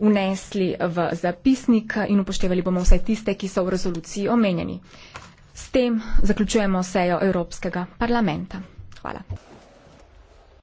vnesli v zapisnik in upoštevali bomo vse tiste, ki so v rezoluciji omenjeni. S tem zaključujemo sejo Evropskega parlamenta. Hvala.